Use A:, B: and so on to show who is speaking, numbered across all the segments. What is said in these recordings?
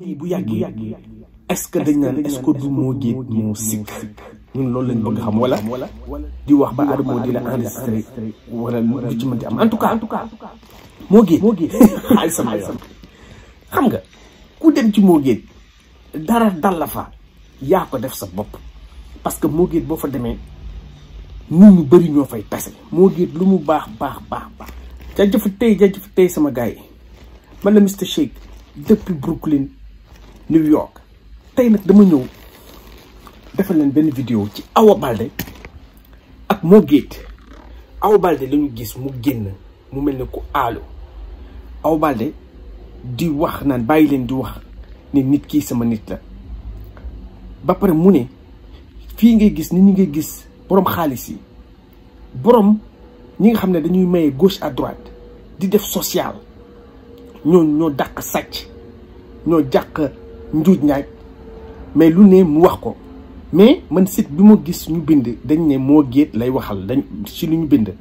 A: mais bu es est-ce que dañ naan est-ce que du ñun loolu lañ bëgg xam wala di wax ba Adamo di la enregistré wala lu ci mën am en tout cas en tout cas yoon xam ci dara dal la fa ko def sa bopp parce que moo géet boo fa demee nit ñu bëri ñoo fay lu mu sama gars man Mister Shake depuis Brooklyn New York tey nag dama ñëw defal leen benn vidéo ci Awa Balde ak Mo Gates Awa Balde la gis mu génn mu mel ne ku aalu Awa Balde di wax naan bàyyi leen di wax ne nit kii sama nit la ba pare mu ne fii ngay gis ni ñi ngay gis borom xaalis yi boroom ñi nga xam ne dañuy maye gauche à droite di def social ñoo ñoo dàq sàcc ñoo jàq mais lu ne mu wax ko mais man site bi gis ñu bind dañ ne mo lay waxal dañ ci ñu bind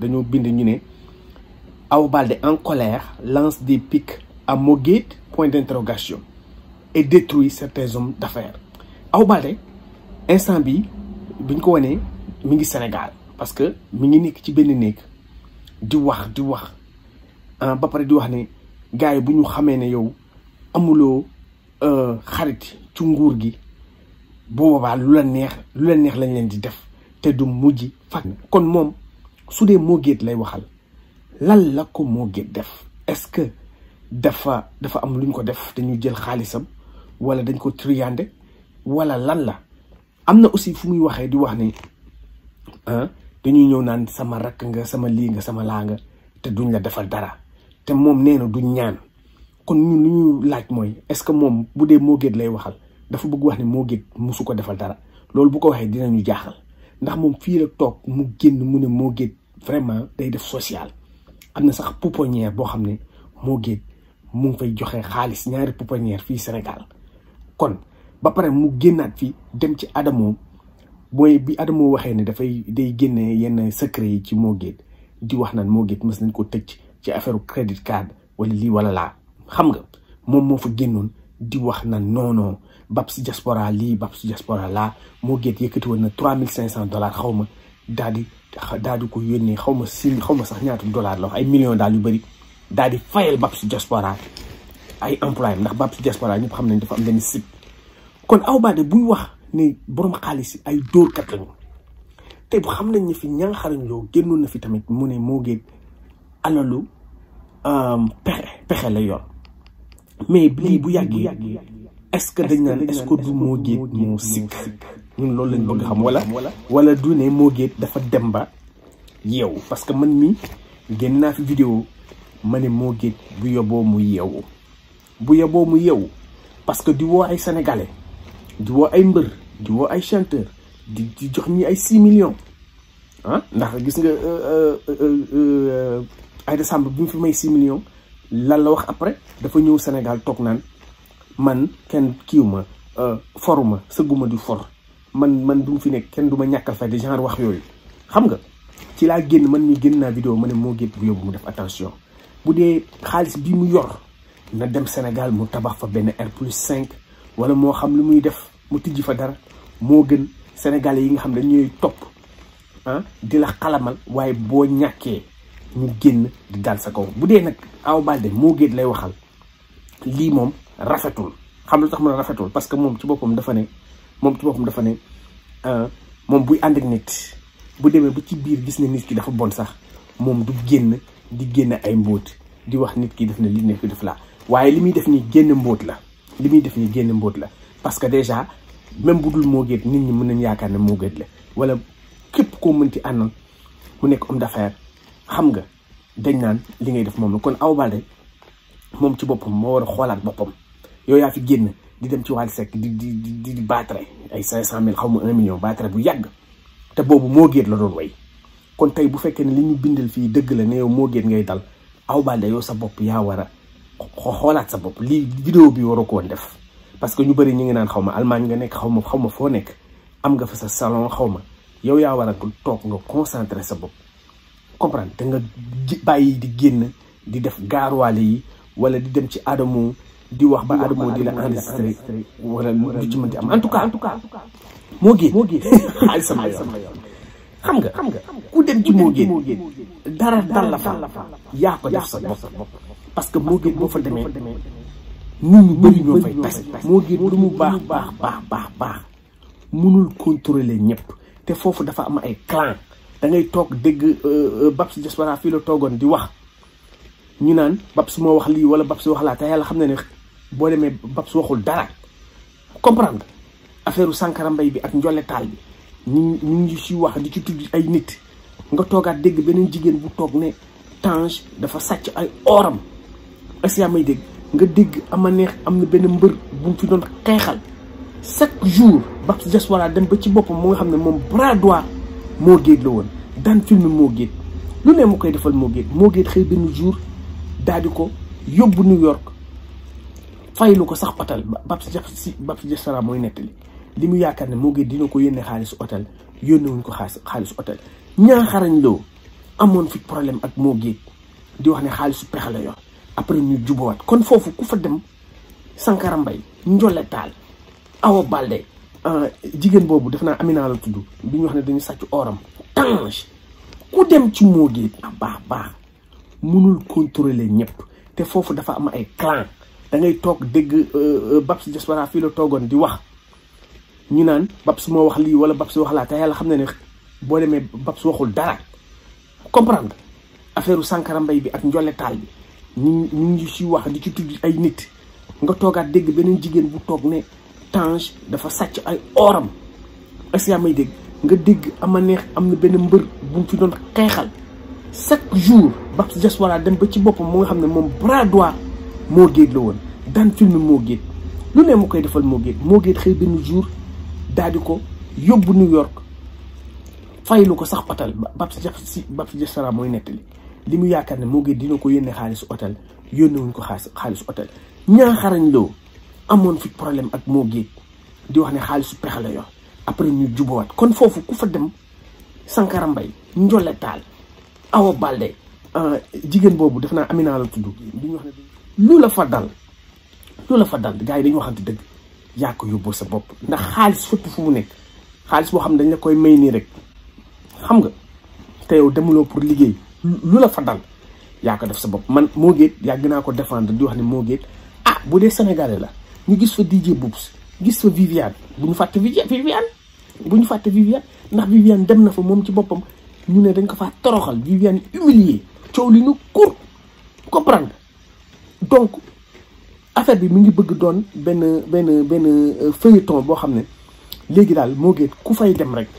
A: en colère lance des pics à Mo point d'interrogation et détruit certains hommes d'affaires nous instant bi ko Sénégal parce que mi ngi nek ci di wax di ah, xarit ci nguur gi bu boobaa lu la neex lu la neex lañ leen di def te du mujj fàkk kon moom su dee moo géet lay waxal lan la ko moo géet def est-ce que dafa dafa am luñ ko def te dañu jël xaalisam wala dañ ko triyande wala lan la am na aussi fu muy waxee di wax ne dañuy ñëw naan sama rakk nga sama lii nga sama laa nga te duñ la defal dara te moom nee na du ñaan kon ñun lu ñu laaj mooy est-ce que moom bu dee moo Gates lay waxal dafa bëgg wax ne Mo Gates musu ko defal dara loolu bu ko waxee dina dinañu jaaxal ndax moom fii la toog mu génn mu ne Mo Gates vraiment day def social am na sax pouponnière boo xam ne Mo Gates mu ngi fay joxe xaalis ñaari pouponnière fii Sénégal kon ba pare mu génnaat fii dem ci Adamo booy bi Adamo waxee ne dafay day génne yenn secret yi ci moo gét di wax naan moo gét mës nañ ko tëj ci affaire crédit card wala lii wala laa xam nga moom moo fa génnoon di wax na non non Babs Diaspora lii Babs Diaspora laa moo géet yëkkati woon na trois mille cinq cent dollars xaw ma daal di daal di ko yónnee xaw ma si xaw ma sax ñaatu dollars la wax ay million daal yu bëri daal di fayal Babs Diaspora ay employé ndax si Diaspora ñëpp xam nañ dafa am benn site kon Awa Baldé buy wax ne borom xaalis yi ay dóorkat lañu te bu xam nañ ñi fi ña nga xarañ loo génnoon na fi tamit mu ne moo géeg euh, la yor. mais lii bu yàggee est-ce que dañ naan est-ce que du moo géet moo ñun loolu lañ bëgg xam wala wala du ne dafa dem ba parce que man mi génn naa fi vidéo ma ne moo bu yoboo mu yeewu bu yoboo mu yeewu parce que di woo ay sénégalais di woo ay di ay chanteur di di jox ñi ay millions ah ndax gis nga euh, euh, euh, Aïda Samb fi may millions lan la wax après dafa ñëw Sénégal toog naan man kenn kiiw ma euh, foruma sëgguma du for man man du fi nekk kenn du ma ñàkkal fay de genre wax yooyu xam nga ci laa génn man mi génn naa vidéo ma ne moo gétt bu mu def attention bu dee xaalis bi mu yor na dem Sénégal mu tabax fa benn R plus cinq wala moo xam lu muy def mu tijji fa dara moo gën Sénégalais yi nga xam ne dañuy topp ah, di la xalamal waaye boo ñàkkee ñu génn di dal sa kaw bu dee nag Awa Baldé moo géet lay waxal lii moom rafetul xam lu tax mu ne rafetul parce que moom ci boppam dafa ne moom ci boppam dafa ne moom buy ànd ak nit bu demee ba ci biir gis ne nit ki dafa bon sax moom du génn di génn ay mbóot di wax nit ki def na li nekk def laa waaye li muy def nii génn mbóot la li muy def nii génn mbóot la parce que déjà même bu dul moo nit ñi mën nañ yaakaar ne moo la wala képp koo mënti àndal mu nekk homme d'affaires xam nga dañ naan li ngay def moom la kon Awa Baldé moom ci boppam moo war a xoolaat boppam yow yaa fi génn di dem ci Wally Seck di di di di baatare ay cinq cent mille xaw ma un million baatare bu yàgg te boobu moo géet la doon way kon tey bu fekkee ne li ñu bindal fii dëgg la ne yow moo géet ngay dal Awa Baldé yow sa bopp yaa war a xoolaat sa bopp lii vidéo bi war a ko def parce que ñu bëri ñu ngi naan xaw ma Allemagne nga nekk xaw ma xaw ma foo nekk am fa sa salon xaw ma yow yaa war toog nga concentré sa bopp comprendre nga bayyi di génn di def gaaruwaale yi wala di dem ci adamu di wax ba adamu di la enregistrer wala du ci mënti am en tout cas en tout cas moo génn moo génn xam nga xam nga ku dem ci mo génn dara dal la fa ya ko def sa bop parce que mo génn boo fa demé nit ñu bari ñoo fay tass mo génn du mu bax bax bax bax bax mënul contrôler ñëpp té fofu dafa am ay clan da ngay toog dégg euh, euh, Babs Diaspora fii la toogoon di wax ñu naan Babs moo wax lii wala Babs wax laa te yàlla xam na ne boo demee Babs waxul dara comprendre affaire Sankara mbay bi ak Ndiolé Tall bi ñu ñu ngi ci wax di ci tudd ay nit nga toogaat dégg beneen jigéen bu toog ne Tange dafa sàcc ay oram est may dégg nga dégg am a neex am na benn mbër bu mu fi doon xeexal chaque jour Babs Diaspora dem ba ci boppam mu nga xam ne moom bras droit moo géej la woon daan filmé moo géej lu ne mu koy defal moo géej moo géej xëy benn jour daal ko yóbbu New York faylu ko sax hôtel Babs si Babs Diattara mooy nettali li mu yaakaar ne moo géej dina ko yónnee xaalis hôtel yónnee wuñ ko xaalis xaalis hôtel ñaaxarañ loo amoon fi problème ak moo géej di wax ne xaalisu pexe la yor après ñu jubawaat kon foofu ku fa dem Sankara mbay Ndiolé Tall Awa Balde Euh, jigéen boobu def naa Amina la tudd bi ñu wax ne dañu sàcc oram Tange ku dem ci moo géet ah, baax baax mënul contrôler ñëpp te foofu dafa am ay clan da ngay toog dégg euh, euh, Babs Diaspora fii la toogoon di wax ñu naan Babs moo wax lii wala Babs wax laa te yàlla xam na ne boo demee Babs waxul dara comprendre affaire Sankara mbay bi ak Ndiolé Tall bi ñu ñu ngi ci wax di ci tudd ay nit nga toogaat dégg beneen jigéen bu toog ne. Tange façade à ay oram est-ce may deg nga deg ama neex am benn bu fi chaque jour Babs dem ba ci bras droit mourir film moo Le lu ne mu koy defal mo très bien jour D'adiko. Yobu New York faylu ko sax hôtel Babs Babs Diaspora mooy nettali dino mu yaakaar dina ko hotel hôtel ko hôtel amoon fi problème ak moo géej di wax ne xaalis su pexe la yor après ñu jubawaat kon foofu ku fa dem Sankara Mbaye Ndiolé Tall Awa Baldé euh, jigéen boobu def naa Amina la tudd di ñu wax ne lu la fa dal lu la fa dal gars yi dañu waxante dëgg yaa ko sa bopp ndax xaalis fépp fu mu nekk xaalis boo xam ne dañ la koy may nii rek xam nga te yow demuloo pour liggéey lu la fa dal yaa def sa bopp man moo géet yàgg naa ko défendre di wax ne moo géet ah bu dee sénégalais la ñu gis fa DJ Boubs gis fa Viviane bu ñu fàtte Viviane bu ñu fàtte Viviane ndax Viviane dem na fa moom ci boppam ñu ne dañ ko faa toroxal Viviane humilier coow li ñu court comprendre donc affaire bi mu ngi bëgg doon benn benn benn euh, feuilleton boo xam ne léegi daal moo gën ku fay dem rek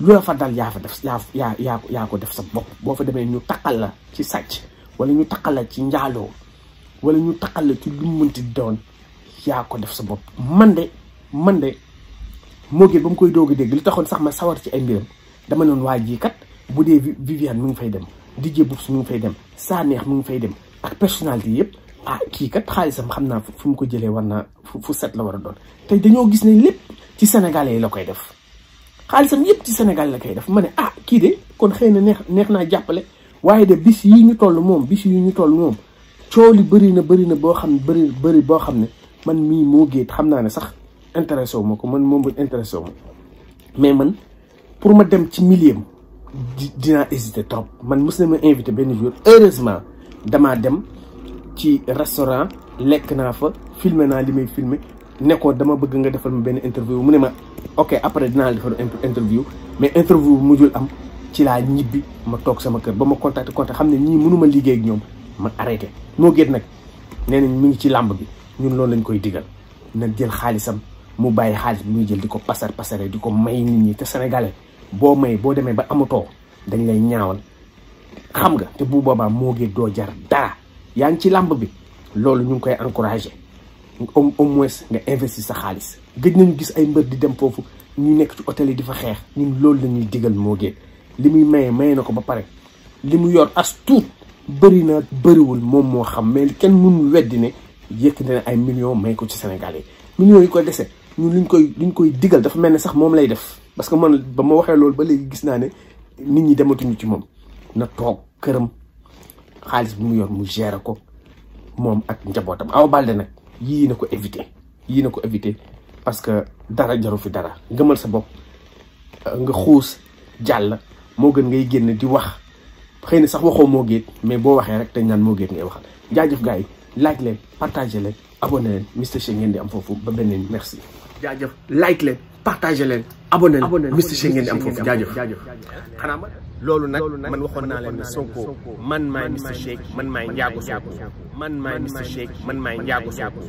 A: lu la fa dal yaa fa def yaa yaa yaa ko def sa bopp boo fa demee ñu taqal la ci sàcc wala ñu taqal la ci njaaloo wala ñu taqal la ci lu mu doon yaa ko def sa bopp man de man de moo gën ba mu koy doog a dégg li taxoon sax ma sawar ci ay mbiram dama noon waa jii kat bu dee Viviane mu ngi fay dem DJ Boubs mu ngi fay dem Saneex mu ngi fay dem ak personnalité yëpp ah kii kat xaalisam xam naa fu mu ko jëlee war naa fu set la war a doon tey dañoo gis ne lépp ci sénégalais yi la koy def xaalisam yëpp ci sénégal la koy def ma ne ah kii de kon xëy na neex neex naa jàppale waaye de bis yi ñu toll moom bis yi ñu toll moom coow li bëri na bëri na boo xam ne bëri bëri boo xam ne man mii moo géet xam naa ne sax intéressé wu ma ko man moom bu intéressé wu ma mais man pour ma dem ci di dinaa hésité trop man mës na ma invité benn jour heureusement damaa dem ci restaurant lekk naa fa filmé naa li may filmé dama bëgg nga defal ma benn interview mu ne ma ok après dinaa la defal interview mais interview mujjul am ci laa ñibbi ma toog sama kër ba ma contacté contacté xam ne ñii mënuma liggéey ak ñoom ma arrêté moo géet nag nee nañ mu ngi ci làmb bi ñun loolu lañ koy digal na jël xaalisam mu bàyyi xaalis bi muy jël di ko pasar pasare di ko may nii ñii te sénégalais boo may boo demee ba amutoo dañ lay ñaawal xam nga te bu boobaa moo ngi doo jar dara yaa ngi ci làmb bi loolu ñu ngi koy encouragé au au moins nga investir sa xaalis gëj nañu gis ay mbër di dem foofu ñu nekk ci hôtel yi di fa xeex ñun loolu la ñuy digal moo ngi li muy mayee maye na ko ba pare li mu yor as tuut bëri na bëriwul moom moo xam mais kenn mënu weddi ne yëkkati na ay millions may ko ci Sénégal yi millions yi ko dese ñun luñ koy luñ koy digal dafa mel ne sax moom lay def parce que man ba ma waxee loolu ba léegi gis naa ne nit ñi dematuñu ci moom na toog këram xaalis bi mu yor mu gérer ko moom ak njabootam Awa Baldé nag yii na ko éviter yii ne ko éviter parce que dara jaru fi dara gëmal sa bopp euh, nga xuus jàll moo gën ngay génn di wax xëy na sax waxoo moo géet mais boo waxee rek dañ naan moo géet ngay waxal yi like leen partagé leen abonné leen Mister Shake ngeen di am foofu ba beneen merci. jaajëf like leen partagé leen abonné leen Mister Shake ngeen di am foofu jaajëf jaajëf xanaa ma loolu nag man waxoon naa leen ne Sonko man maay Mister Shake man maay Ndiago Sonko man maay Mister Shake man maay Ndiago Sonko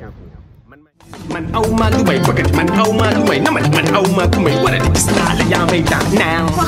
A: man aw maa lu may bëgg man aw maa lu may namal man aw maa ku may war a gis naa la yaa may daan naaw